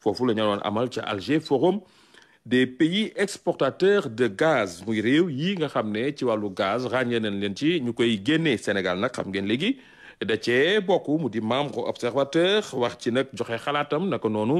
Fofou la ñu amal ci Alger forum des pays exportateurs de gaz muy rew yi nga xam ci walu gaz ràññee nañ leen ci ñukoy koy Sénégal nak xam ngeen légui da ci bokku mu di membre observateur wax ci nak joxé xalaatam nak nonu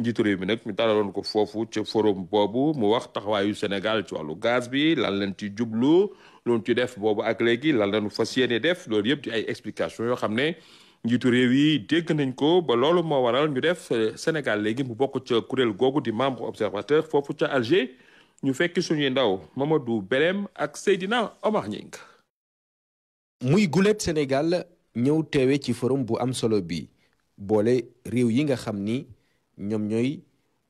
njiitu rew mi nak mi dalalon ko foofu ci forum bobu mu wax taxawaayu Sénégal ci walu gaz bi lan len ci jublu non ci def bobu ak légui lan lañu fas def loolu yépp ci ay explication yo xamné njiitu réew yi dégg nañ ko ba loolu moo waral ñu def euh, Sénégal léegi mu bokk ca kuréel googu di membre observateur foofu ca Alger ñu fekki suñuy ndaw Mamadou Belem ak Seydina Omar muy gulet Sénégal ñëw teewe ci forum bu am solo bi boole réew yi nga xam ni ñoom ñooy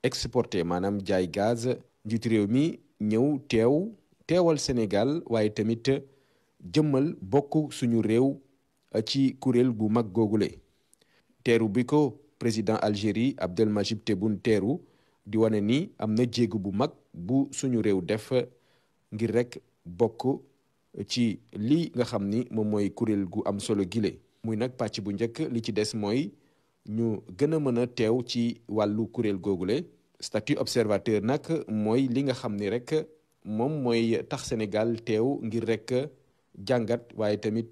exporté maanaam jaay gaz njiitu réew mi ñëw teew teewal Sénégal waaye tamit jëmmal bokk suñu réew ci kuréel bu mag googule teeru bi ko président Algérie Abdelmajid Tebboune teeru di wane ni am na jéegu bu mag bu suñu réew def ngir rek bokk ci li nga xam ni moom mooy kuréel gu am solo gile muy nag pàcc bu njëkk li ci des mooy ñu gën a mën a teew ci wàllu kuréel googule statut observateur nag mooy li nga xam ni rek moom mooy tax Sénégal teew ngir rek jàngat waaye tamit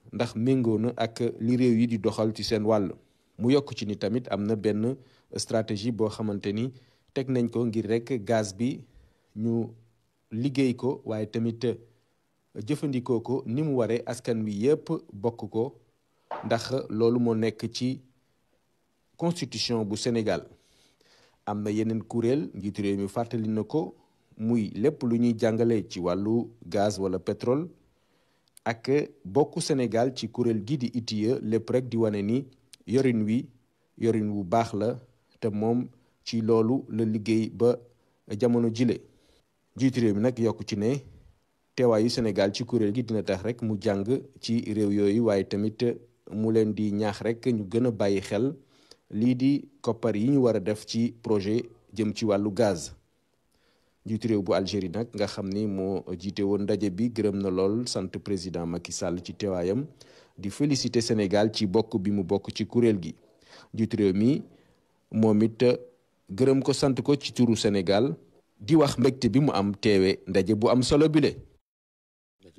ndax méngoo na ak li réew yi di doxal ci seen wàll mu yokk ci ni tamit am na benn stratégie boo xamante ni teg nañ ko ngir rek gaz bi ñu liggéey ko waaye tamit jëfandikoo ko ni mu waree askan wi yépp bokk ko ndax loolu moo nekk ci constitution bu Sénégal am na yeneen kuréel njiitu réew mi fàttali na ko muy lépp lu ñuy jàngale ci wàllu gaz wala pétrole ak bokku Sénégal ci kuréel gi di ITIE lépp rek di wane ni yorin wi yorin wu baax la te moom ci loolu la liggéey ba jamono jile jiitu réew bi nag yokk ci ne teewaayu Sénégal ci kuréel gi dina tax rek mu jàng ci réew yooyu waaye tamit mu leen di ñaax rek ñu gën a bàyyi xel lii di koppar yi ñu war a def ci projet jëm ci wàllu gaz njiitu réew bu Algérie nag nga xam ni moo jiite woon ndaje bi gërëm na lool sant président Macky Sall ci teewaayam di félicité Sénégal ci bokk bi mu bokk ci kuréel gi njiitu réew mi moom it gërëm ko sant ko ci turu Sénégal di wax mbegte bi mu am teewe ndaje bu am solo bile.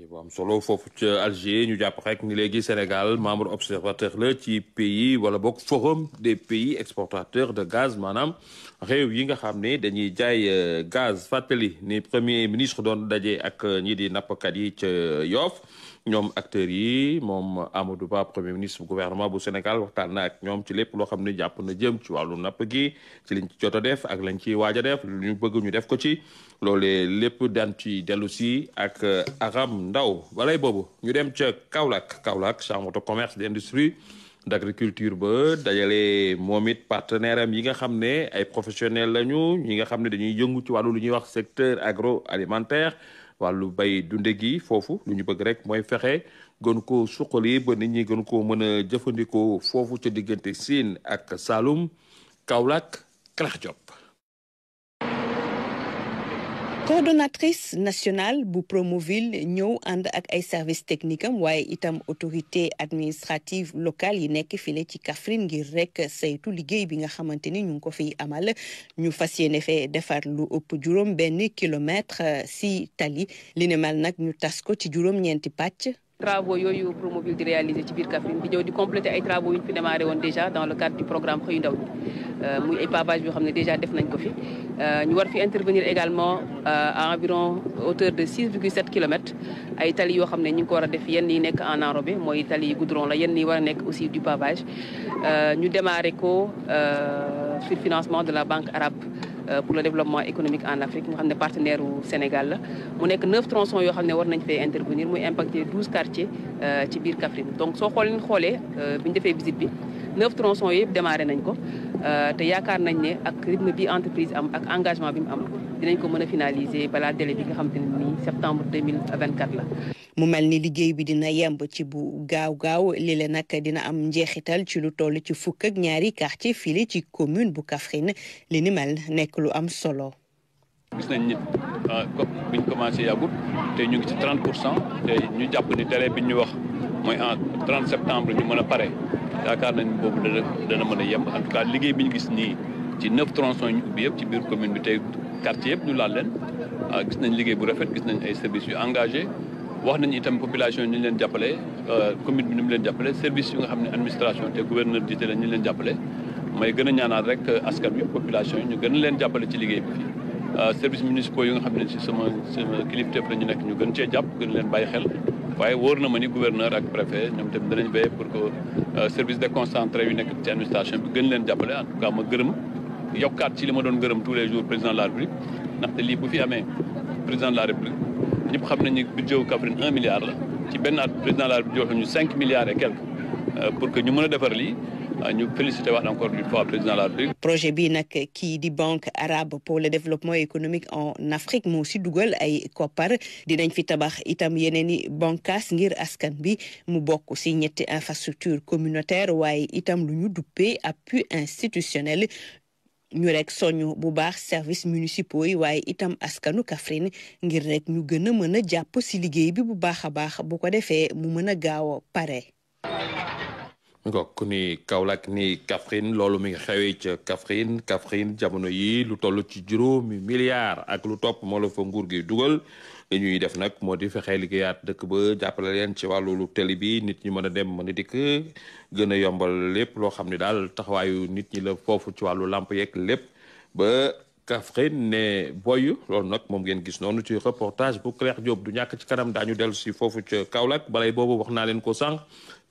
kii solo foofu ca Alger ñu japp rek ni léegi Sénégal membre observateur la ci pays wala bok forum des pays exportateurs de gaz manam réew yi nga xamné dañuy jaay euh, gaz fatali ni premier ministre don dajé ak euh, ñi di nappkat yi ci Yoff ñoom acteur yi moom Amadou Ba premier ministre gouvernement bu Sénégal waxtaan na ak ñoom ci lépp loo xam ne jàpp na jëm ci wàllu napp gi ci liñ ci jot def ak lañ ci waaj a def lu ñu bëgg ñu def ko ci loolee lépp daan ci dellu si ak Aram Ndaw balay boobu ñu dem ca Kaolack Kaolack chambre de commerce d'industrie d'agriculture ba dajale moom it partenaire am yi nga xam ne ay professionnels lañu ñi nga xam ne dañuy yëngu ci wàllu lu ñuy wax secteur agroalimentaire wàllu bay dunde gi foofu lu ñu bëgg rek mooy fexe gën ko suqali ba nit ñi gën koo mën a jëfandikoo foofu ca diggante siin ak Saloum Kaolack Karax Diop coordonatrice nationale bu Promoville ñëw ànd ak ay service technique am waaye itam autorité administrative locale yi nekk file ci Kaffrine ngir rek saytu liggéey bi nga xamante ni ñu ngi ko fiy amal ñu fas yéene fee defar lu ëpp juróom benn kilomètre euh, si tali li ne mal nag ñu tas ko ci juróom-ñeenti pàcc travaux yooyu Promovilles di réaliser ci biir Kaffrine di ñëw di compléter ay travaux une ñu fi démarré woon déjà dans le cadre du programme xëyu ndaw ñi euh, muy ay pavage yoo xam ne déjà def nañ ko fi euh, ñu war fi intervenir également euh, à environ hauteur de 6,7 kilomètres ay tali yoo xam ne ñu ngi ko war a def yenn yi nekk en enrobé mooy tali yi goudron la yenn yi war a nekk aussi du pavage ñu démarré ko sur financement de la banque arabe euh, pour le développement économique en Afrique. Nous sommes partenaires au Sénégal. Nous avons 9 tronçons qui été intervenir. Nous impacté 12 quartiers de euh, Bir Birkafrin. Donc, si vous regardez, quand visite, 9 tronçons ont démarré. Nous avons fait que avec le rythme de l'entreprise et l'engagement, nous allons finaliser la délai de septembre 2024 mu melni ni liggéey bi dina yemb ci bu gaaw gaaw lile nak dina am njeexital ci lu toll ci fukk ak ñaari quartier fili ci commune bu kafrine li ni mel nekk lu am solo. gis nañ nit bi ñu commencé yàggut te ñu ngi ci 30 pour cent te ñu jàpp ni délai bi ñu wax mooy en 30 septembre ñu mën a pare yaakaar nañ boobu dana dana mën a yemb en tout cas liggéey bi ñu gis nii ci 9 tronçons ñu ubbi yëpp ci biir commune bi te quartier yëpp ñu laal leen ah, gis nañ liggéey bu rafet gis nañ ay services yu engagé. wax nañu itam population yi ñu leen jàppale euh, commune bi ni mu leen jàppale service yu nga xam ne administration te gouverneur jiite la ñu leen jàppale may gën a ñaanaat rek euh, askan bi population yi ñu gën leen jàppale ci liggéey bi fii euh, service municipaux yi nga xam ne si sama sama kilifteef la ñu nekk ñu gën cee jàpp gën leen bàyyi xel waaye wóor na ma ni gouverneur ak préfet ñoom tamit danañ veiller pour que service déconcentré yu nekk ci administration bi gën leen jàppale en tout cas ma ci li ma doon gërëm tous les jours président la république ndaxte lii bu fi amee président de la république ñëpp xam nañu budget wu Kaffrine un milliard la ci benn at président la République jox ñu cinq milliards et quelques euh, pour que ñu mën a defar lii euh, ñu félicité wax encore une fois président la République projet bi nag kii di banque arabe pour le développement économique en Afrique moo si dugal ay koppar dinañ fi tabax itam yeneen i bànqaas ngir askan bi mu bokk si ñetti infrastructure communautaire waaye itam lu ñu duppee appui institutionnel ñu rek soñu bu baax service municipaux yi waaye itam askanu Kaffrine ngir rek ñu gën a mën a jàpp si liggéey bi bu baax a baax bu ko defee mu mën a gaaw pare. ngok ni Kaolack ni Kaffrine loolu mi ngi xewee ca Kaffrine jamono yi lu toll ci juróomi milliards ak lu topp moo la fa nguur gi dugal. li ñuy def nag moo di fexe liggéeyaat dëkk ba jàppale leen ci wàllu télé bi nit ñi mën a dem mën a dikk gën a yombal lépp loo xam ne daal taxawaayu nit ñi la foofu ci wàllu làmp yeeg lépp ba Kaffrine ne boy lool nag moom ngeen gis noonu ci reportage bu Claire Diop du ñàkk ci kanam daañu dellu si foofu ca Kaolack balay boobu wax naa leen ko sànq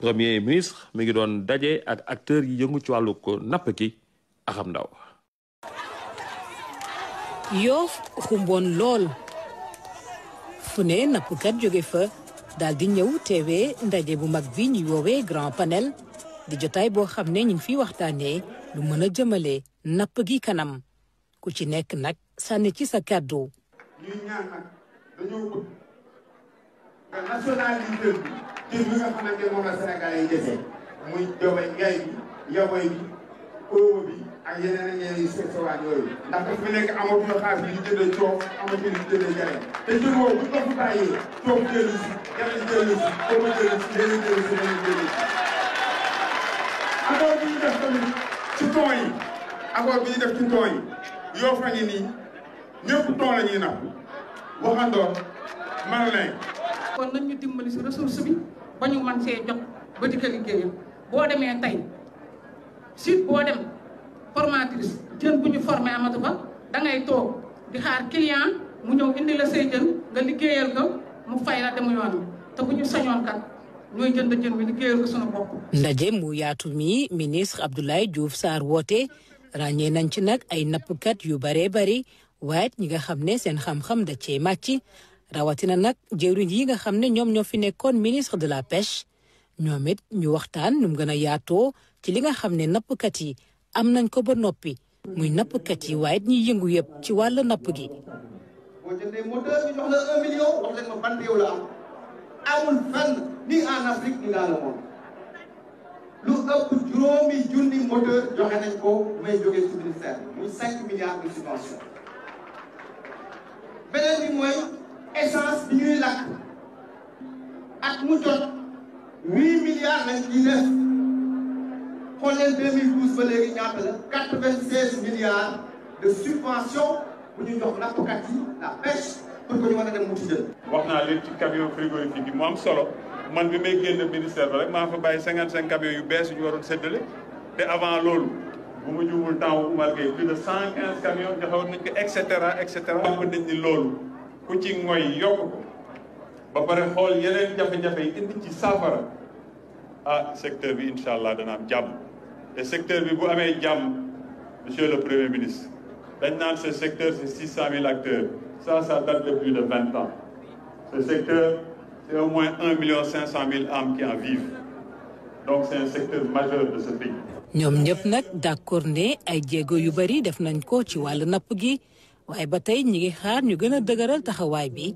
premier ministre mi ngi doon daje ak acteurs yi yëngu ci wàllu ko napp gi axam ndaw. Yoff xumboon lool. fu ne nappkat joge fa daal di ñëw teewee ndaje bu mag bi ñuy woowee grand panel di jotaay boo xam ne ñu ngi fiy waxtaanee mën a jëmale napp gi kanam ku ci nekk nag sànni ci sa kàddu. ñuy ñaan nag dañoo bëgg nga nationalité bi cër bi nga xamante moom la Sénégal yi dese muy jobay ngay bi yaboy bi óomo bi. ak yeneen ak yeneen yu seesewaat yooyu ndax dafa nekk amatuñu xaalis bi ñu jëndee coow amatuñu ñu jëndee jare te jën woowu bu ñu ko fa bàyyee coow jëlu si jare jëlu si coow jëlu si leneen jëlu si leneen jëlu si. accord bi ñu def tamit ci ton yi accord bi ñu def ci ton yi yoo fa ñu nii ñëpp ton la ñuy napp waxandoo mën nañ. kon nañ ñu dimbali si ressource bi ba ñu mën see jot ba di ko liggéeyam boo demee tey site boo dem. formatrice jën bu ñu formé amatu fa da toog di xaar client mu ñëw indi la say jën nga liggéeyal ko mu fay la demu yoon te bu ñu sañoon kat ñooy jënd jën bi liggéeyal sunu bopp. ndaje mu yaatu mi ministre Abdoulaye juuf saar woote ràññee nañ ci nag ay nappkat yu baree bari waaye ñi nga xam ne seen xam-xam da cee màcc rawatina nag jëwriñ yi nga xam ne ñoom ñoo fi nekkoon ministre de la peche ñoom it ñu waxtaan nu mu gën a yaatoo ci li nga xam ne nappkat am nañ ko ba noppi muy nappkat yi waaye it yëngu yëpp ci wàllu napp gi. boo jëndee moteur bi jox la un million wax leen ma ban réew la am amul fenn ni en Afrique ni dans le monde lu ëpp juróomi junni moteur joxe nañ ko may jógee ci ministère muy cinq milliards de beneen bi mooy bi ñuy lakk at mu jot huit milliards lañ ciy def. xool leen 2012 ba léegi ñaata la 96 milliards de subvention bu ñu jox nappkat yi la pêche pour que ñu mën a dem wuti jël. wax naa leen ci camion frigorifique bi mu am solo man bi may génn ministère ba rek maa fa bàyyi 55 camions yu bees yu ñu waroon séddale te avant loolu bu ma juumul temps wu Oumar Gueye plus de 115 camions joxe woon nañ ko et cetera et cetera. jàpp nañ ni loolu ku ci ngoy yokk ba pare xool yeneen jafe-jafe yi indi ci saafara ah secteur bi incha allah dana jàmm. Le secteur bi bu amee jam monsieur le premier ministre dañ naan ce secteur c'est six cent acteurs ça ça date de plus de vingt ans ce secteur c'est au moins un million cinq cent âmes qui en vivent donc c'est un secteur majeur de ce pays ñoom ñëpp nag d'accord ne ay jéego yu bari def nañ ko ci wàllu napp gi waaye ba tey ñi ngi xaar ñu gën a dëgëral bi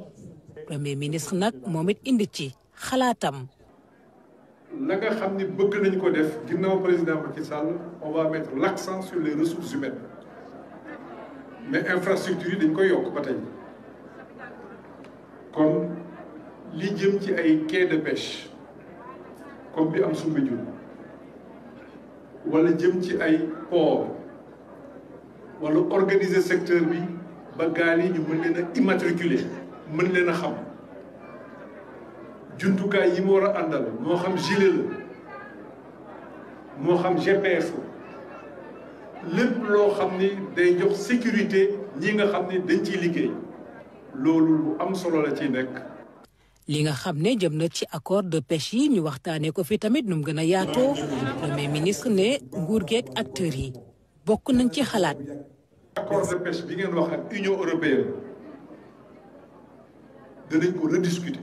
premier ministre nag moom it indi ci xalaatam la nga xam ni bëgg nañ ko def ginnaaw président Macky Sall on va mettre l'accent sur les ressources humaines mais infrastructure yi dañ koy yokk ba comme li jëm ci ay quai de pêche comme bi am Soumbédioune wala jëm ci ay port wala organiser secteur bi ba gaal ñu immatriculer mën leen a xam jumtukaay yi mu war a àndal moo xam gilet la moo xam GPS lépp loo xam ni day jox sécurité ñi nga xam ni dañ ciy liggéey loolu lu am solo la ciy nekk. li nga xam ne jëm na ci accord de pêche yi ñu waxtaanee ko fi tamit nu mu gën a yaatoo premier ministre ne nguur geeg acteur yi bokk nañ ci xalaat. accord de pêche bi ngeen wax ak union européenne danañ ko rediscuter.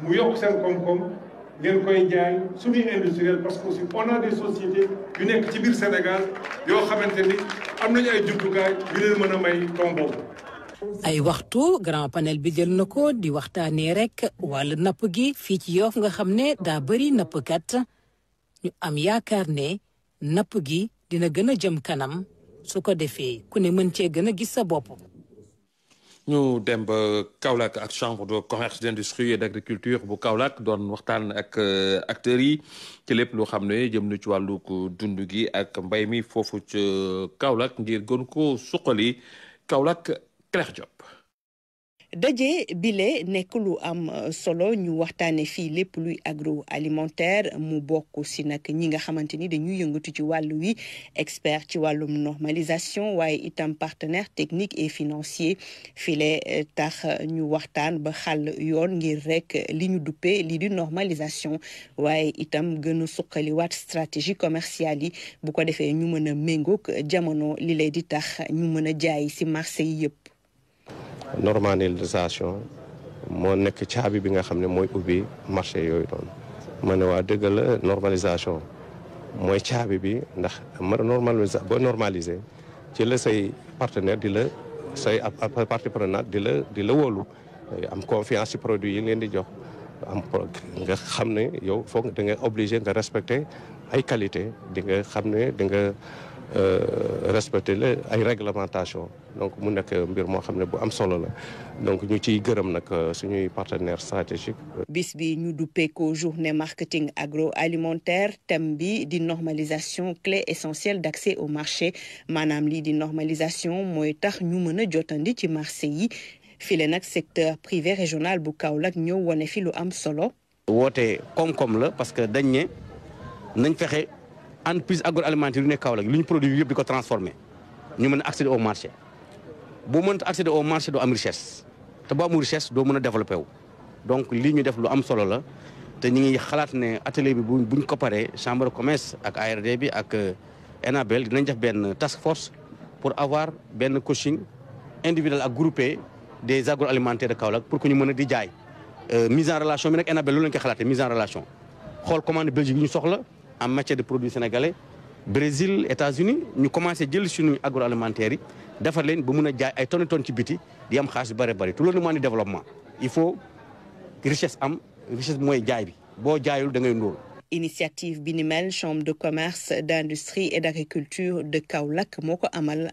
mu yokk seen koom-koom ngeen koy jaay suñuy industriel parce que aussi on a des sociétés yu nekk ci biir Sénégal yoo xamante ni am nañu ay jumtukaay yu leen mën a may koom boobu. ay waxtu grand panel bi jël na ko di waxtaanee rek wàllu napp gi fii ci yoof nga xam ne daa bëri nappkat ñu am yaakaar ne napp gi dina gën a jëm kanam su ko defee ku ne mën cee gën a gis sa bopp. ñu dem ba Kaolack ak chambre de commerce d'industrie et d'agriculture bu Kaolack doon waxtaan ak euh, acteurs yi ci lépp loo xam ne jëm na ci wàllu dund gi ak mbay mi foofu ca Kaolack ngir gën ko suqali Kaolack Claire Diop daje bile nekk am euh, solo ñu waxtaane fii lépp luy alimentaire mu bokk si nag ñi nga xamante ni dañuy yëngatu ci wàllu wi expert ci wàllum normalisation waaye itam partenaire technique et financier file euh, tax euh, ñu waxtaan ba xàll yoon ngir rek li ñu duppee lii di normalisation waaye itam gën a suqaliwaat stratégie commerciale yi bu ko defee ñu mën a méngoog jamono li lay di tax ñu mën a jaay si marché yi yëpp normalisation moo nekk caabi bi nga xam ne mooy ubbi marché yooyu noonu ma ne waa dëgg la normalisation mooy caabi bi ndax ma normalisa boo normaliser ci la say partenaire di la say partie prenante di la di la wolu am confiance ci produit yi leen di jox am nga xam ne yow foog da nga obligé nga respecter ay qualité di nga xam ne di Euh, respecter les réglementations. réglementation donc donc journée marketing agroalimentaire thème bi normalisation clé essentielle d'accès au marché Manam li di normalisation nous tax ñu secteur privé régional parce que nous, ne un entreprise agroalimentaire yu nekk lu ñu produit yëpp di ko transformé ñu mën a accéder au marché boo mënta accéder au marché doo am richesse te boo amul richesse doo mën a développé wu. donc lii ñu def lu am solo la te ñu ngi xalaat ne atelier bi bu buñ ko paree chambre de commerce ak ARD bi ak euh, ENABEL dinañ def benn task force pour avoir benn coaching individuel ak groupé des agro de Kaolack pour que ñu mën a di jaay. Euh, mise en relation bi nag ENABEL loolu lañ ko xalaatee en relation xool commande en matière de produits sénégalais Brésil États-Unis ñu commencé jël suñu agroalimentaire agroalimentaires. defar leen ba des a jaay ay tonnes tonnes ci biti di am xaalis yu bëri bëri tout le monde développement il faut richesse am richesse mooy jaay bi boo jaayul da ngay initiative BINIMEL, chambre de commerce d'industrie et d'agriculture de Kaolack Moko amal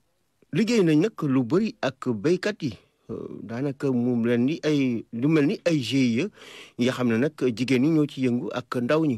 liggéey na nag lu bëri ak béykat yi euh, daanaka mu leen ni ay lu mel ni ay GIE yi nga xam ne nag jigéen ñi ñoo ci yëngu ak ndaw ñi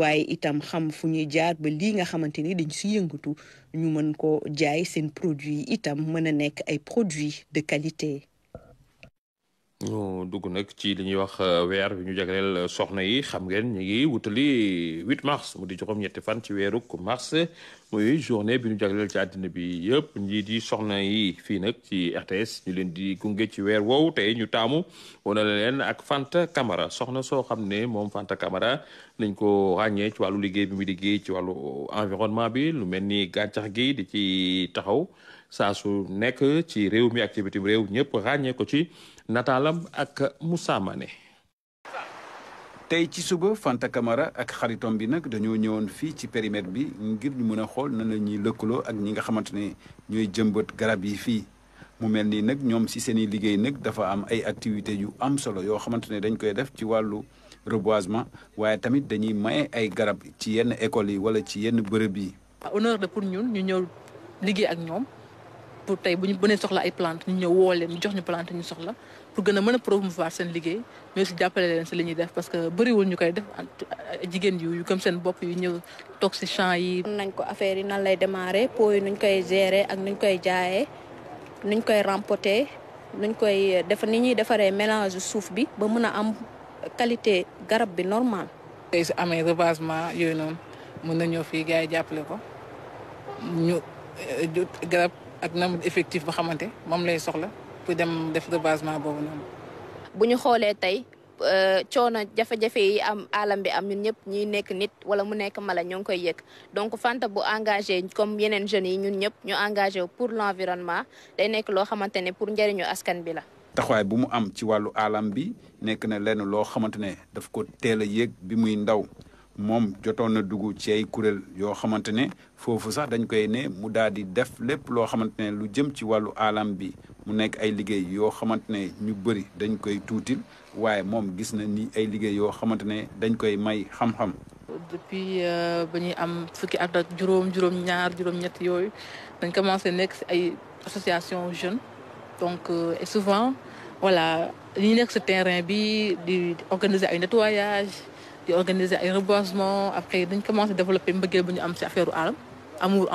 waaye itam xam fu ñuy jaar ba lii nga xamante ni dañ si yëngatu ñu mën ko jaay seen produit itam mën a nekk ay produits de qualité ñu dugg nag ci li ñuy wax euh, weer bi ñu jagleel euh, soxna yi xam ngeen ñu ngi wutali 8 mars mu di juróom ñetti fan ci weeru mars muy journée bi ñu jagleel ci àddina bi yëpp njiit yi soxna yi fii nag ci RTS ñu leen di gunge ci weer woowu tey ñu taamu wana leen ak Fanta Camara soxna soo xam ne moom Fanta kamara nañ ko ràññee ci wàllu liggéey bi muy liggéey ci wàllu environnement bi lu mel ni gàncax gi di ci taxaw saa su nekk ci réew mi activité bi réew ñëpp ràññee ko ci nataalam ak Moussa tey ci suba Fanta Camara ak xaritom bi nag dañoo ñëwoon fii ci périmètre bi ngir ñu mën a xool nan ñuy lëkkaloo ak ñi nga xamante ne ñooy jëmbat garab yi fii mu mel ni nag ñoom si seen i liggéey nag dafa am ay activités yu am solo yoo xamante ne dañ koy def ci wàllu reboisement waaye tamit dañuy maye ay garab ci yenn écoles yi wala ci yenn bërëb yi. honneur de pour ñun ñu ñëw liggéey ak ñoom. pour tey bu ñu bënee soxla ay plante ñu ñëw woo leen ñu jox ñu plante ñu soxla pour gën a mën a promouvoir seen liggéey mais aussi jàppale leen si li ñuy def parce que bëriwul ñu koy def jigéen yu yu gëm seen bopp yu ñëw toog si champs yi. nañ ko affaire yi nan lay démarrer pot yi ñu koy gérer ak ñu koy jaayee nuñ koy rempoter nuñ koy def ni ñuy defaree mélage suuf bi ba mën a am qualité garab bi normal. tey su amee reboisement yooyu noonu mën na ñëw fii gaa yi jàppale ko ñu euh, garab. ak nombre effectif ba xamante moom lay soxla pour dem def rebasement boobu noonu. bu ñu xoolee tey euh, coono jafe-jafe yi am alam bi am ñun ñëpp ñuy nekk nit wala mu nekk mala ñoo ngi koy yëg donc Fanta bu engagé comme yeneen jeunes yi ñun ñëpp ñu engagé wu pour l'environnement day nekk loo xamante ne pour njëriñu askan bi la. taxawaay bu mu am ci wàllu alam bi nekk na lenn loo xamante ne daf ko teel a yéeg bi muy ndaw. moom jotoon na dugg ci ay kuréel yoo xamante ne foofu sax dañ koy ne mu daal di def lépp loo xamante ne lu jëm ci wàllu alam bi mu nekk ay liggéey yoo xamante ne ñu bëri dañ koy tuutil waaye moom gis na ni ay liggéey yoo xamante ne dañ koy may xam-xam. depuis euh, ba ñuy am fukki at ak juróom juróom ñaar juróom ñett yooyu dañ commencé nekk si ay association jeunes donc euh, et souvent voilà li nekk si terrain bi di organiser ay nettoyage di organiser ay reboisement après dañ commencé développer mbëggeel bu ñu am ci affaire alam amour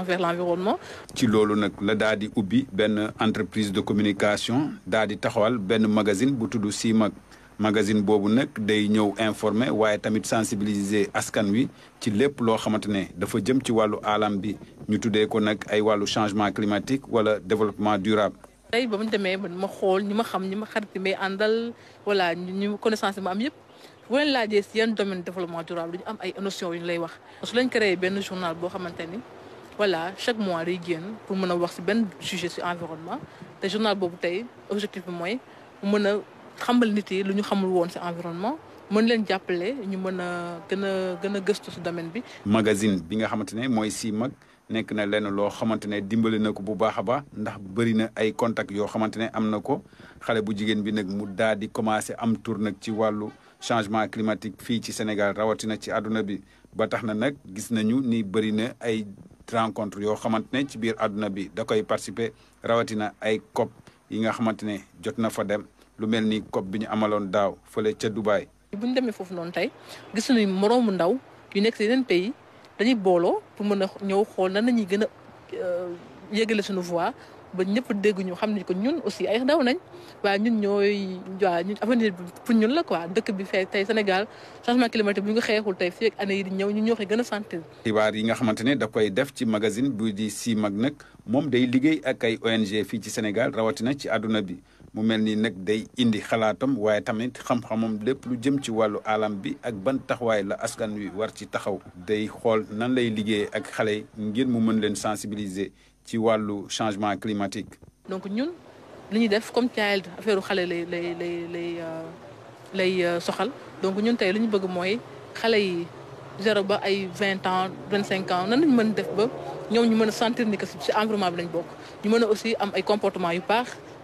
envers l'environnement. ci lolu nak la dadi di ben entreprise de communication dadi taxawal ben magazine bu tudd Simag magazine bobu nak day ñew informer waye tamit sensibiliser askan wi ci lepp lo xamantene dafa jëm ci walu alam bi ñu tuddé ko nak ay walu changement climatique wala développement durable. tey ba démé ma xol ñima xam ñima ma xarit may àndal voilà ñu connaissance ma am yépp bu leen laajee si yan domaine développement durable ñu am ay notion yu ñu lay wax su lañ créé benn journal boo xamante ni voilà chaque mois day génn pour mën a wax si benn sujet si environnement te journal boobu tey objectif bi mooy mën a xamal nit yi lu ñu xamul woon si environnement mën leen jàppale ñu mën a gën a gën a gëstu si domaine bi. magazine bi nga xamante ne mooy si mag nekk na lenn loo xamante ne dimbali na ko bu baax a baax ndax bëri na ay contacts yoo xamante ne am na ko xale bu jigéen bi nag mu daal di commencé am tour nag ci wàllu. changement climatique fii ci Sénégal rawatina ci àdduna bi ba tax na nag gis nañu ni bëri na ay rencontre yoo xamante ne ci biir àdduna bi da koy participer rawatina ay COP yi nga xamante ne jot na fa dem lu mel ni COP bi ñu amaloon daaw fële ca Dubaay. bu ñu demee foofu noonu tey gis nañu moroomu ndaw yu nekk si yeneen pays dañuy booloo pour mën a ñëw xool na la ñuy gën a euh, yëgale suñu voix ba ñëpp dégg ñu xam ne ko ñun aussi ay ndaw nañ waaye ñun ñooy waa ñun avenir bi pour ñun la quoi dëkk bi fee tey Sénégal changement climatique bi ñu ko xeexul tey fii ak yi di ñëw ñu ñoo koy gën a sentir. xibaar yi nga xamante ne da koy def ci magasin bu di si mag nag moom day liggéey ak ay ONG fii ci Sénégal rawatina ci àdduna bi mu mel ni nag day indi xalaatam waaye tamit xam-xamam lépp lu jëm ci wàllu alam bi ak ban taxawaay la askan wi war ci taxaw day xool nan lay liggéey ak xale ngir mu mën leen sensibiliser. ci le changement climatique. donc ñun li comme child affaire euh, euh, donc ñun bëgg yi ans 25 ans def ba sentir ni que ci environnement bi aussi am comportement yu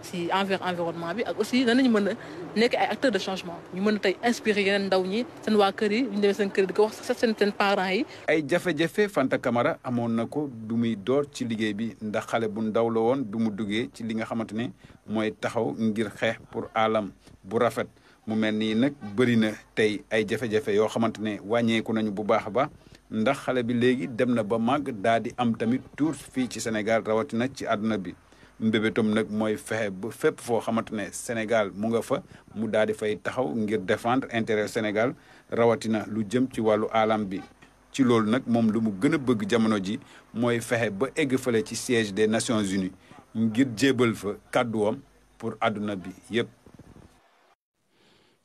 si envers environnement bi ak aussi danañ mën a nekk ay acteurs de changement ñu mën a tey inspiré yeneen ndaw ñi seen waa kër yi ñu demee seen kër di ko wax sax seen seen yi. ay jafe-jafe Fanta Camara amoon na ko du muy door ci liggéey bi ndax xale bu ndaw la woon du mu duggee ci li nga xamante ne mooy taxaw ngir xeex pour alam bu rafet mu mel nii nag bëri na tey ay jafe-jafe yoo xamante ne wàññeeku nañu bu baax a baax. ndax xale bi léegi dem na ba màgg daal di am tamit tour fii ci Sénégal rawatina ci àdduna bi mbébétam nag mooy fexe ba fépp foo xamante ne Sénégal mu nga fa mu daal di fay taxaw ngir défendre intérêt Sénégal rawatina lu jëm ci wàllu alam bi. ci loolu nag moom lu mu gën a bëgg jamono ji mooy fexe ba egg fale ci siège des Nations Unies ngir jébal fa kàdduwam pour àdduna bi yépp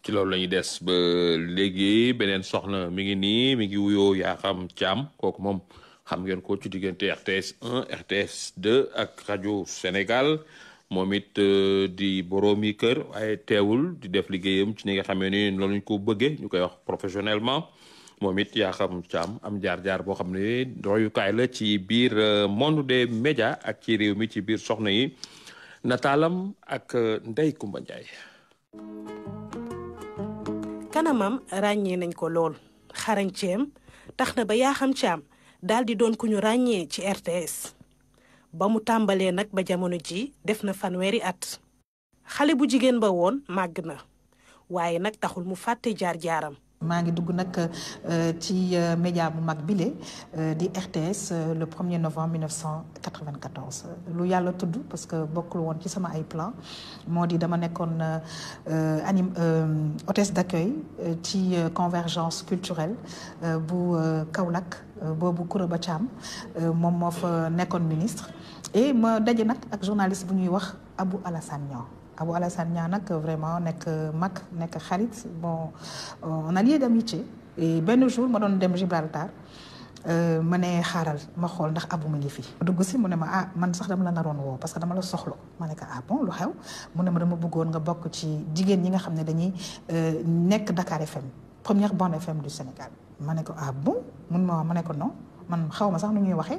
ci loolu la ñuy des ba léegi beneen soxna mi ngi nii mi ngi wuyoo yaa xam caam kooku moom. xam ngeen ko ci diggante RTS 1 RTS 2 ak rajo Sénégal moom it euh, di boroomi kër waaye teewul di def liggéeyam ci ni nga xamee ni loolu ñu ko bëggee ñu koy wax professionnellement moom it yaa xam caam am jaar-jaar boo xam ne royukaay la ci biir euh, monde des ak ci réew mi ci biir soxna yi nataalam ak euh, Ndeye Kumba Ndiaye kanamam ràññee nañ ko lool xarañceem tax na ba yaa caam daal di doon ku ñu ràññee ci RTS ba mu tàmbalee nag ba jamono ji def na fanweeri at xale bu jigéen ba woon màgg na waaye nag taxul mu fàtte jaar-jaaram maa ngi dugg nag euh, ci euh, média bu mag bile euh, di RTS le 1er novembre 1994 lu yàlla tudd parce que bokkul woon ci sama ay plan moo di dama nekkoon anim hôtesse d'accueil ci convergence culturelle bu Kaolack Euh, boobu Koura Thiam euh, moom moo fa nekkoon ministre et ma daje nag ak journaliste bu ñuy wax Abou Alassane Niang Abou Alassane Niang nag vraiment nekk mag nekk xarit bon on euh, a lié d'amitié et benn jour ma doon dem Gibraltar ma ne xaaral ma xool ndax abu mi ngi fi dugg si mu ne ma ah man sax dama la naroon woo parce que dama la soxlo ma ne ko ah bon lu xew mu ne ma dama bëggoon nga bokk ci jigéen ñi nga xam ne dañuy nekk Dakar FM première bonne FM du Sénégal ma ne ko ah bon mun ma ma ne ko non man xaw ma sax nu ñuy waxee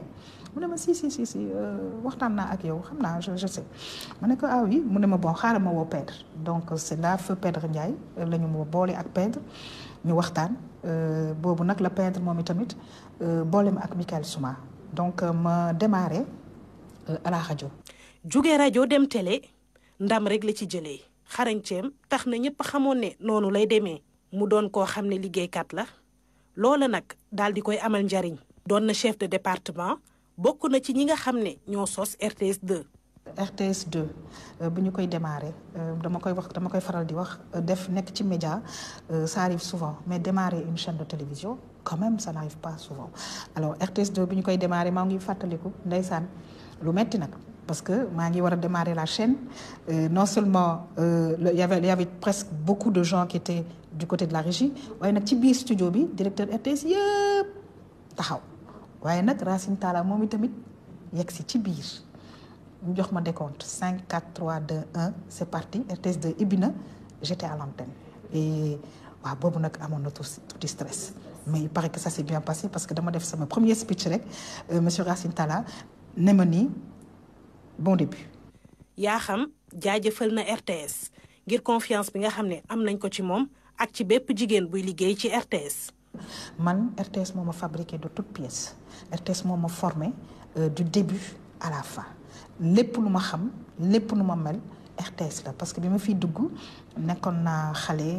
mu ne ma si si si si euh, waxtaan naa ak yow xam naa je je sais ma ne ko ah oui mu ne ma bon xaaral ma woo Pedre donc c' est là feu Pedre Ndiaye la ñu ma boole ak Pedre ñu waxtaan euh, boobu nag la Pedre moom itamit euh, boole ma ak Michael Souma donc ma démarré à la rajo. jugee rajo dem télé ndam rek la ci jëlee xarañceem tax na ñëpp xamoon ne noonu lay demee mu doon koo xam ne liggéeykat la loola nag daal di koy amal njariñ chef de département qui na ci ñi nga xam ñoo sos RTS 2. RTS 2 bu ñu koy démarrer euh, dama koy wax dama koy faral di wax euh, def ci média euh, ça arrive souvent mais démarrer une chaîne de télévision quand même ça n'arrive pas souvent alors RTS 2 bu ñu koy démarrer maa ngi fàttaliku ndeysaan lu metti parce que maa ngi war démarrer la chaîne non seulement il y avait presque beaucoup de gens qui étaient du côté de la régie Mais nag ci biir studio le directeur RTS yëpp taxaw waaye nak Racine Talla moom est yegg si ci biir ñu jox ma décompte 5 4 3 2 1 c'est parti RTS de Ibina, j'étais à l'antenne et il y nak amoon na tuuti stress mais il paraît que ça s'est bien passé parce que dama def sama premier speech rek euh, monsieur Racine Talla ne bon début. yaa xam jaajëfal na RTS ngir confiance bi nga xam y am nañ ko ci moom. ak ci bépp jigéen buy liggéey ci RTS. man RTS moo ma fabriqué de toutes pièces RTS moom ma formé euh, du début à la fin lépp lu ma xam lépp lu ma mel RTS la parce que bi ma fi dugg nekkoon naa xale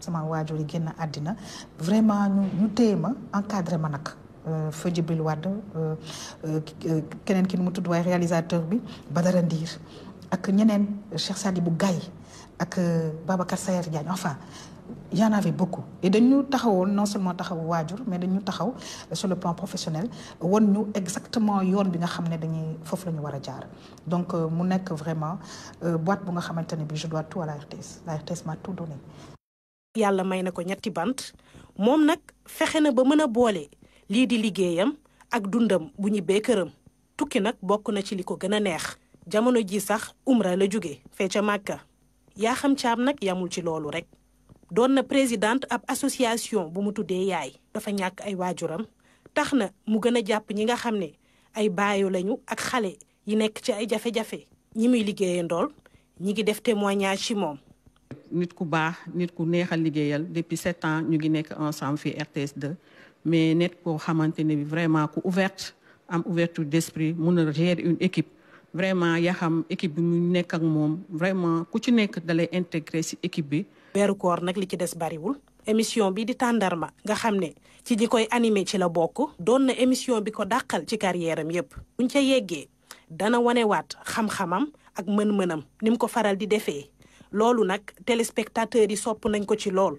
sama waajur yi génn àddina vraiment ñu ñu téye ma encadré ma nag. Euh, feu Djibril Wade euh, keneen ki nu mu tudd waaye réalisateur bi ba Badara Ndiir ak ñeneen Cheikh bu gay ak Babacar Sayer Diagne enfin. il y en avait beaucoup et dañu taxawoon non seulement taxawu waajur mais dañu taxaw sur le plan professionnel won exactement yoon bi nga xam ne dañuy foofu la ñu war a jaar donc euh, mu nekk vraiment euh, boîte bu nga xamante bi je dois tout à la RTS la RTS m'a tout donné. yàlla may na ko ñetti bant moom nag fexe na ba mën a boole lii di liggéeyam ak dundam bu ñibbee këram tukki nak bokku na ci liko gëna neex jamono ji sax umra la jóge fee ca màkka yaa xam caam nak yamul ci loolu rek doon na présidente ab association bu mu tuddee yaay dafa ñàkk ay waajuram tax na mu gën a jàpp ñi nga xam ne ay baayu lañu ak xale yi nekk ci ay jafe-jafe ñi muy liggéeyee ndool ñi ngi def témoignage ci moom nit ku baax nit ku neexal liggéeyal depuis sept ans ñu ngi nekk ensemble fii RTS 2 mais net koo xamante bi vraiment ku ouverte am ouverture d'esprit mun a une équipe vraiment yaa xam équipe bi mu nekk ak moom vraiment ku ci nekk dalay intégré si équipe bi. weeru koor nag li ci des bariwul. émission bi di tàndarma nga xam ne ci ñi koy animé ci la bokk. doon na émission bi ko dàqal ci carrière am yépp buñ ca yeggee dana wanewaat xam-xamam ak mën-mënam ni ko faral di defee loolu nag téléspectateurs yi sopp nañ ko ci lool.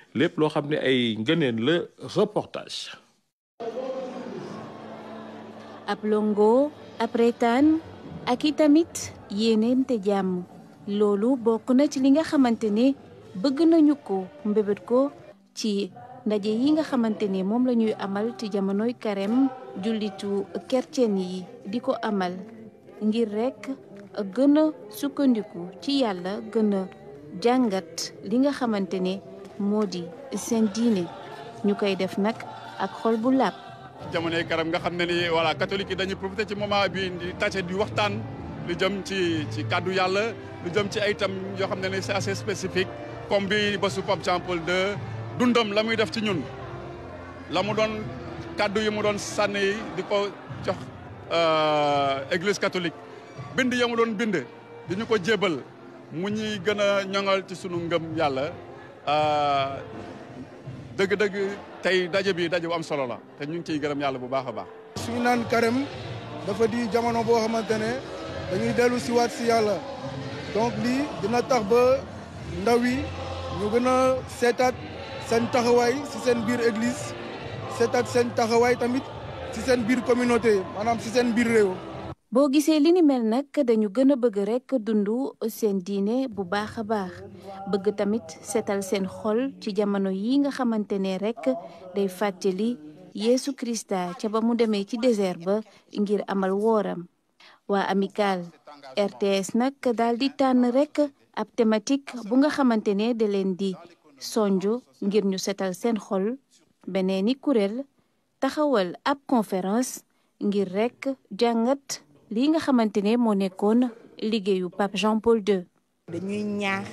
lépp loo xam ne ay ngëneen la reportage. ab longo ab reetaan ak itamit yéeneen te jàmm loolu bokk na ci li nga xamante ne bëgg nañu ko mbébét ko ci ndaje yi nga xamante ne moom lañuy amal ci jamonoy carême jullitu kercen yi di ko amal ngir rekk gën a sukkandiku ci yàlla gën jàngat li nga xamante ne Modi di seen diine ñu koy def ak xol bu karam nga xam ni catholique dañuy ci moment bi di tàcce di waxtaan lu jëm ci ci kàddu yàlla lu jëm ci ay itam yoo xam ni c'est assez spécifique comme bi ba su Pape Jean dundam la def ci ñun mu di ko jox euh, église catholique bind ya mu doon bind di ko jébal mu ñuy gën a ci sunu ngëm Uh, dëgg-dëgg tay daje bi daje bu am solo la te ñu ngi ciy gërëm yàlla bu baax. suñu dafa di jamono boo xamante dañuy dellu si waat si yàlla donc lii dina tax ba ndaw ñu gën a seetaat biir église tamit si seen biir communauté maanaam si seen biir réew. boo gisee li ni mel nag dañu gën a bëgg rek dund seen diine bu baax a baax bëgg tamit seetal seen xol ci jamono yi nga xamante ne rek day fàttali Yeesu Krista ca ba mu demee ci désert ba ngir amal wooram waa amical RTS nag daal di tànn rekk ab thématique bu nga xamante ne da leen di sonju ngir ñu seetal seen xol beneen beneeni kuréel taxawal ab conférence ngir rekk jàngat li nga xamantene mo nekkoon liggéeyu Pape Jean Paul II. dañuy ñaax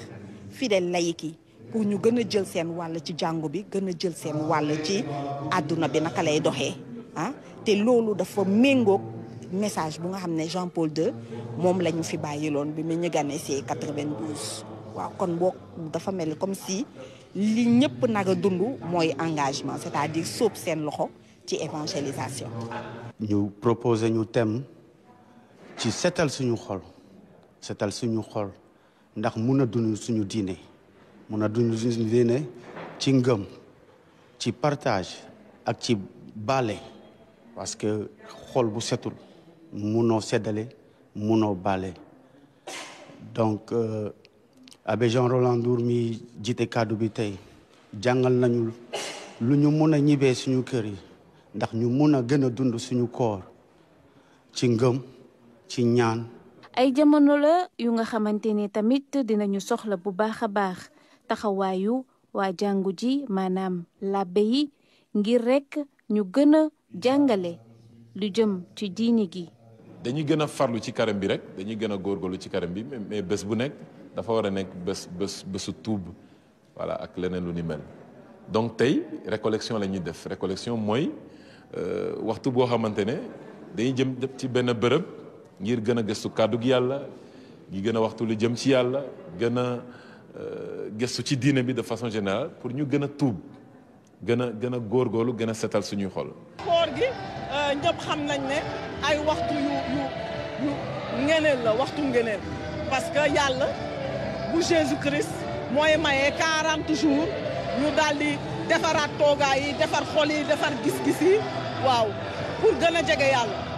fidèle laïque yi pour ñu gën a jël seen wàll ci jàngu bi gën a jël seen wàll ci àdduna bi naka lay doxee ah te loolu dafa méngoog message bu nga xam ne Jean Paul II moom la fi bàyyiloon bi mu ñu ganee see 92. waaw kon boo dafa mel comme si li ñëpp nag a dund mooy engagement c'est-à-dire sóob seen loxo ci évangélisation. ñu proposé ñu thème ci setal suñu xol setal suñu xol ndax mun a dund suñu diiné mun a dund suñu diiné ci ngëm ci partage ak ci balé parce que xol bu setul balé donc euh, abbé Jean Roland Ndour mi jiite kàddu bi tay jangal nañu luñu mëna ñibé suñu kër yi ndax ñu mëna gëna dund suñu koor ci ngëm ci ñaan. ay jamono la yu nga xamante ni tamit dinañu soxla bu baax a baax taxawaayu waa jàngu ji maanaam làbbe yi ngir rekk ñu gën a jàngale lu jëm ci diini gi. dañuy gën a farlu ci karam bi rek dañuy gën a góorgóorlu ci karam bi mais bés bu nekk dafa war a nekk bés bés bésu tuub voilà ak leneen lu ni mel donc tey récollection la ñuy def récollection mooy euh, waxtu boo xamante ne dañu jëm ci benn bërëb. ngir gën a gëstu kàddu gi yàlla gi gën a waxtu lu jëm ci yàlla gën a euh, gëstu ci diine bi de façon général pour ñu gën a tuub gën a gën a góorgóorlu gën a setal suñuy xol. koor gi euh, ñëpp xam nañ ne ay waxtu yu yu yu la waxtu ngeneen parce yàlla bu Jésus Christ mooy maye 40 jours ñu daal defaraat toogaay yi defar xol yi defar gis-gis yi waaw pour gën jege yàlla.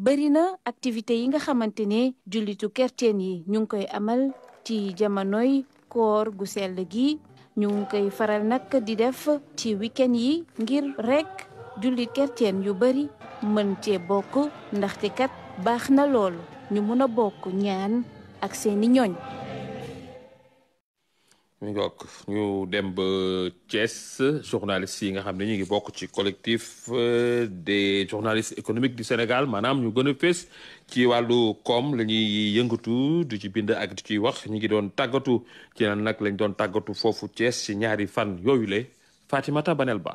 bëri na activité yi nga xamante ne jullitu kerceen yi ñu ngi koy amal ci jamonoy koor gu sell gi ñu ngi koy faral nag di def ci week yi ngir rekk jullit kerceen yu bëri mën cee bokk ndaxte kat baax na lool ñu mun a bokk ñaan ak seeni ñooñ ñu ngi ñu dem ba Thiès journalistes yi nga xam ne ñu ngi bokk ci collectif euh, des journalistes économiques du Sénégal maanaam ñu gën a fés ci wàllu koom la ñuy yëngatu di ci bind ak di ciy wax ñu ngi doon tàggatu ci nag lañ doon tàggatu foofu Thiès ci ñaari fan yooyu le Fatimata Banel Ba.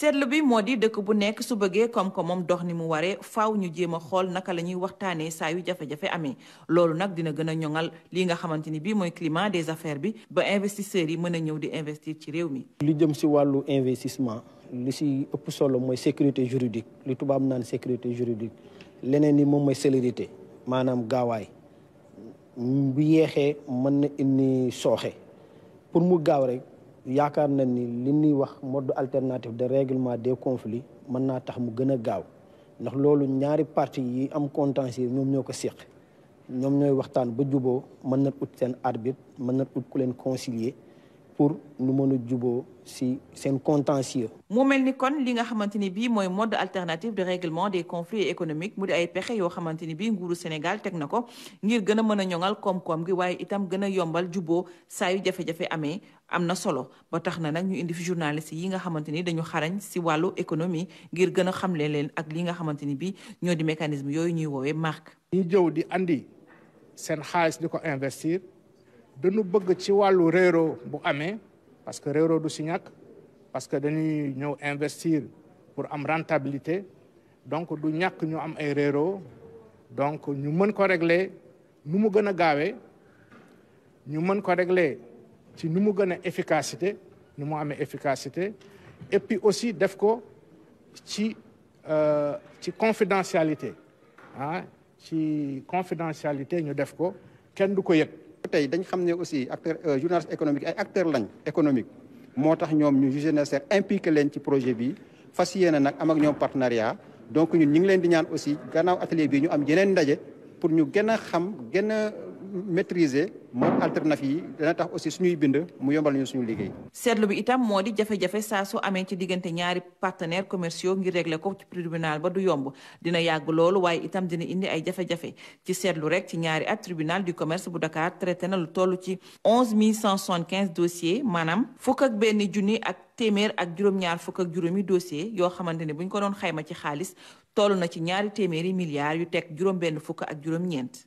seetlu bi moo di dëkk bu nekk su bëggee koom moom dox ni mu waree faaw ñu jéem a xool naka la ñuy waxtaanee saa yu jafe-jafe amee loolu nag dina gën a ñoŋal lii nga xamante ni bii mooy climat des affaires bi ba investisseur yi mën a ñëw di investir ci réew mi. lu jëm si wàllu investissement li si ëpp solo mooy sécurité juridique li tubaab naan sécurité juridique leneen ni moom mooy célérité maanaam gaawaay bu yeexee mën na indi sooxe pour mu gaaw rek. yaakaar na ni li ñuy wax mode alternative de réglement des conflits mën naa tax mu gën a gaaw ndax loolu ñaari parti yi am contentieux ñoom ñoo ko séq ñoom ñooy waxtaan ba juboo mën na ut seen arbitre mën na ut ku leen concilier pour ñu mën a juboo si seen contentieux. mu mel ni kon li nga xamante ni bii mooy mode alternative de réglement des conflits économiques mu di ay pexe yoo xamante ni bii nguuru Sénégal teg na ko ngir gën a mën a ñoŋal koom-koom gi waaye itam gën a yombal juboo saa yu jafe amee am na solo ba tax na nag ñu indi fi journaliste yi nga xamante ni dañu xarañ si wàllu économie ngir gën a xamle leen ak li nga xamante ni bi ñoo di mécanisme yooyu ñuy woowee marque ñu jëw di andi seen xaalis di ko investir dañu bëgg ci wàllu réero bu amee parce que réero du si ñàkk parce que dañuy ñëw investir pour am rentabilité donc du ñàkk ñu am ay réero donc ñu mën ko régler nu mu gën a gaawee ñu mën ko régler ci nu mu gën a efficacité nu mu amee efficacité et puis aussi def ko ci euh, ci confidentialité ah ci confidentialité ñu def ko kenn du ko yëg. tey dañ xam ne aussi acteur euh, journaliste économique ay acteur lañ économique moo tax ñoom ñu jugé nécessaire impliqué leen ci projet bi fas yéene nag am ak ñoom partenariat donc ñun ñu ngi leen di ñaan aussi gannaaw atelier bi ñu am yeneen ndaje pour ñu gën a xam gën a maîtriser mon alternative yi tax aussi suñuy bind mu yombal ñu suñu liggéey. seetlu bi itam moo di Jafé jafe saa su amee ci diggante ñaari partenaires commerciaux ngir régler ko ci tribunal ba du yomb dina yàgg loolu waaye itam dina indi ay jafe-jafe ci seetlu rek ci ñaari at tribunal du commerce bu Dakar traité na lu toll ci onze mille cent soixante dossiers maanaam fukk ak benn junni ak téeméer ak juróom-ñaar fuk ak juróomi dossier yo xamantene buñ ko doon xayma ci xaalis tollu na ci ñaari téeméeri milliards yu tek juróom-benn fuk ak juróom ñent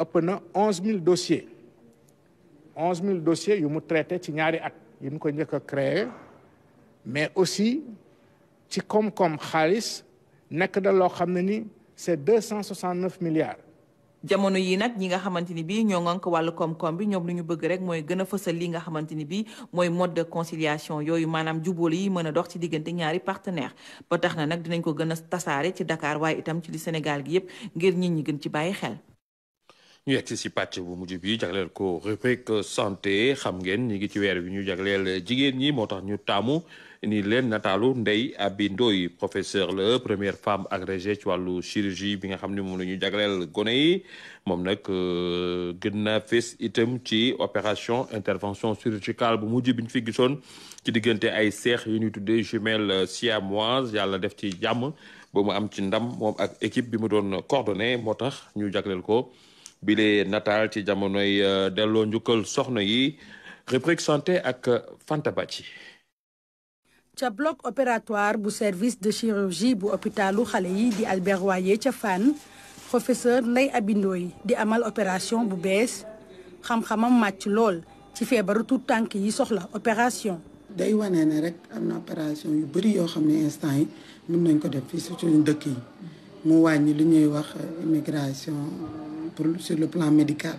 ëpp na dossiers 11 000 dossiers ils mu traité ci ñaari at yu mu ko ñëk a créé mais aussi ci comme comme xaalis nekk da lo xam ni c'est 269 milliards. jamono yi nak ñi nga xamanteni bi ñoo ngànk wàllu bi ñom lu ñu bëgg rek moy gëna fëssal li nga xamanteni Bi moy mode de conciliation yoyu manam djubol yi mëna dox ci digënté ñaari partenaire ba tax na nak dinañ ko gëna tassaré ci Dakar waaye itam ci li Sénégal gi yépp ngir nit ñi gën ci bayyi xel ñu yegg si pàcc bu mujj bi jagleel ko rubrique santé xam ngeen ñi ngi ci weer bi ñu jagleel jigéen ñi moo tax ñu taamu ni leen nataalu ndey Aby Ndoye professeur la première femme agrégée ci wàllu chirurgie bi nga xam ne moom la ñu jagleel gone yi moom nag euh, gën na fees itam ci opération intervention chirurgicale bu mujj bi ñu fi gisoon ci diggante ay seex yu ñuy tuddee jumelle siamoise yàlla def ci jàmm ba mu am ci ndam moom ak équipe bi mu doon coordonné moo tax ñu jagleel ko bile natal ci jamono jamonoy euh, delloo njukkal soxna yi rubrique santé ak fantabati ci bloc opératoire bu service de chirurgie bu hôpitalu xalé yi di Albert Royer ca fan professeur Ndeye Aby Ndoye di amal opération bu bes xam-xamam match lool ci feebaru tout tank yi soxla opération day wane ne rek amna opération yu bari yo xam instant yi mën nañ ko def fii surtout dëkk yi mu wañi li ñuy wax immigration pour sur le plan médical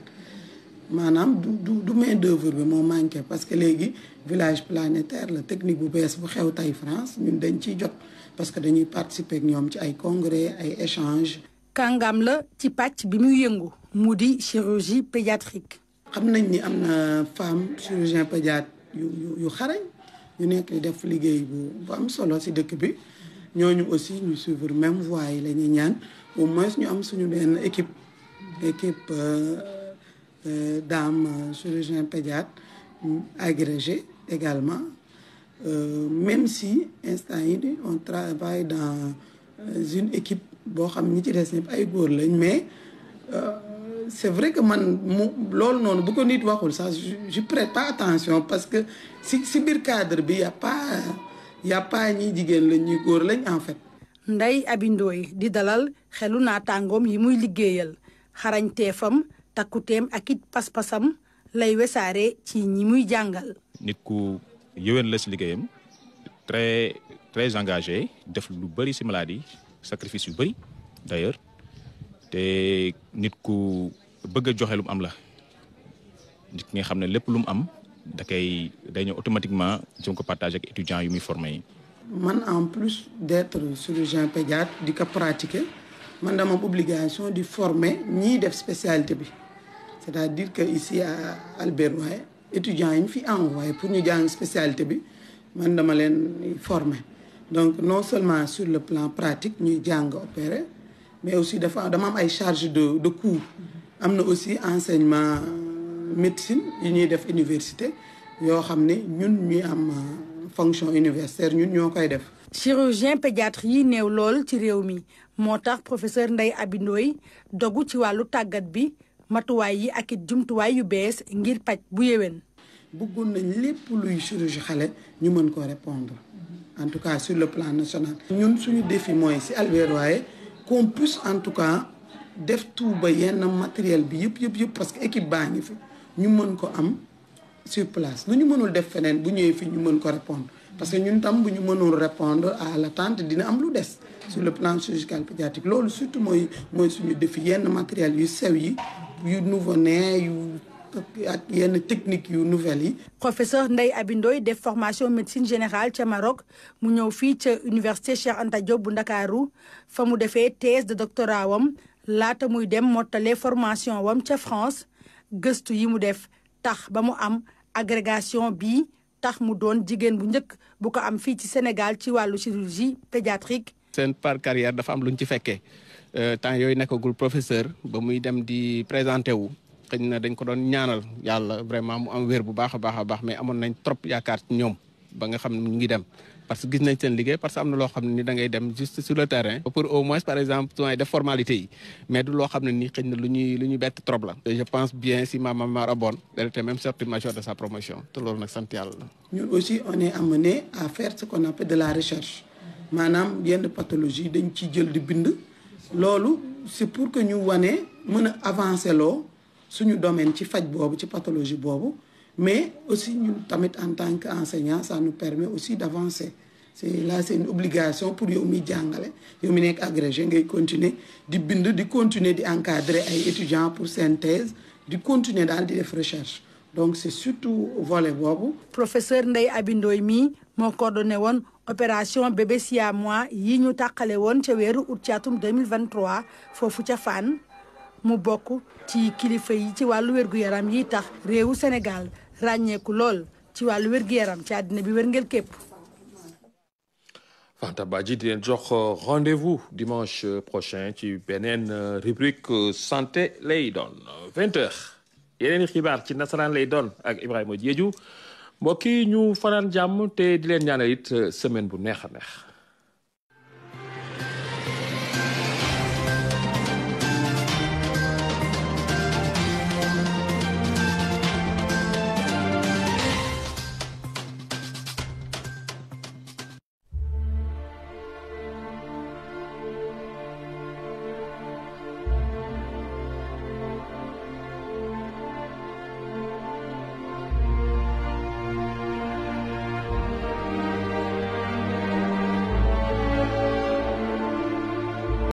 Manam, du du main d'œuvre manqué parce que les village planétaire la technique bu bees bu xew en France ñun dañ ciy parce que dañuy participer ak ñoom ci ay congrès ay échanges. Kangam le ci pàcc bi muy chirurgie pédiatrique. xam nañ ni am na femme chirurgien pédiatre yu yu xarañ ñu nekk di def liggéey bu am solo si dëkk bi aussi nous suivre même voie au moins nous am suñu équipe équipe d'âme chirurgien pédiatre mm, agrégé également. Euh, même si instant on travaille dans euh, une équipe boo xam ñi ci des ñëpp ay mais euh, c'est vrai que man mu non, beaucoup bu ko nit waxul je prête pas attention parce que si si biir cadre bi y a pas y a pas ni jigéen lañ ñuy góor en fait. Ndeye Abi Ndoye di dalal xelu tangom yi muy liggéeyal. xarañteefam takkuteem ak it pas-pasam lay wesaare ci ñi muy jàngal nit ku yëwén la si liggéeyam très très engagé def lu bëri si maladie sacrifice yu bëri d' ailleurs te nit ku bëgg a joxe lu am la nit nga xam ne lépp lu mu am da koy day ñëw automatiquement jëm ko partage ak étudiants yu muy formé yi man en plus d' être chirurgien pédiatre di ko pratiquer man dama obligation former les spécialités. spécialité c'est-à-dire que ici à Albert les étudiants sont envoyés pour ñu jàng spécialité bi man dama former donc non seulement sur le plan pratique nous jàng opérer mais aussi de dama am ay charge de de cours am aussi enseignement euh, médecine nous avons def université Nous avons ñun euh, fonction universitaire chirurgien pédiatre yi néew moo tax professeur Ndeye Aby Ndoye dogu ci wàllu tàggat bi matuwaay yi ak it jumtuwaay yu bees ngir paj bu yéwén. bëggoon nañ lépp luy chirurgie xale ñu mën ko répondre en tout cas sur le plan national. ñun suñu défi mooy si Albert waaye qu'on puisse en tout cas def tout ba yenn materiel bi yëpp yëpp yëpp parce que équipe baa ngi fi ñu mën ko am. sur place Nous ne mënul def nous bu ñëwee fi répondre parce que nous tam bu ñu répondre à l'attente dina am lu sur le plan chirurgical pédiatrique loolu surtout mooy mooy suñu défi yenn matériel yu sew yi yu nouveau-né yu technique yu nouvelle. professeur Ndeye Abindoy de def formation médecine générale chez Maroc mu ñëw fii ca université Cheikh Anta Diop bu Ndakaaru fa mu thèse de doctorat wam laata muy dem formation wam France geste yi mu def tax ba mu am. agrégation bi tax mu doon jigéen bu njëkk bu ko am fii ci Sénégal ci wàllu chirurgie pédiatrique. seen par carrière dafa am lu ñu ci fekkee euh, temps yooyu nekkagul professeur ba muy dem di présenté wu xëy na dañ ko doon ñaanal yàlla vraiment mu am wér bu baax a baax a baax mais amoon nañ trop yaakaar ci ñoom ba nga xam ne ñu ngi dem. parce que nous nañ seen parce que juste sur le terrain pour au moins par exemple soin des des formalités, mais du avons xam ni xëy na lu je pense bien si ma maman est bonne elle était même sortie majeure de sa promotion tout le monde sant aussi on est amené à faire ce qu'on appelle de la recherche maanaam yenn pathologie dañ ciy jël di bind c'est pour que nous wane avancer sur suñu domaine ci la pathologie bobo mais aussi nous, en tant qu'enseignants, ça nous permet aussi d'avancer. Là, c'est une obligation pour les gens jàngale yow agrégé continuer di les continuer étudiants pour synthèse de continuer dans les recherches. donc c'est surtout surtout volet boobu professeur Ndeye Abindoimi mon coordonné opération bébé à yi ñu été woon ca 2023 foofu Mouboku, qui mu bokk ci kilifa yi ci Sénégal Ragné lool ci wàllu wér-gu-yaram ci àddina bi wérngel képp. Fanta Badji di leen jox euh, rendez-vous dimanche euh, prochain ci beneen euh, rubrique santé lay doon 20h yeneen xibaar ci nasaraan lay doon ak Ibrahima Diédhiou mbokk ñu fanaan jàmm te di leen ñaanal it semaine bu neex a neex.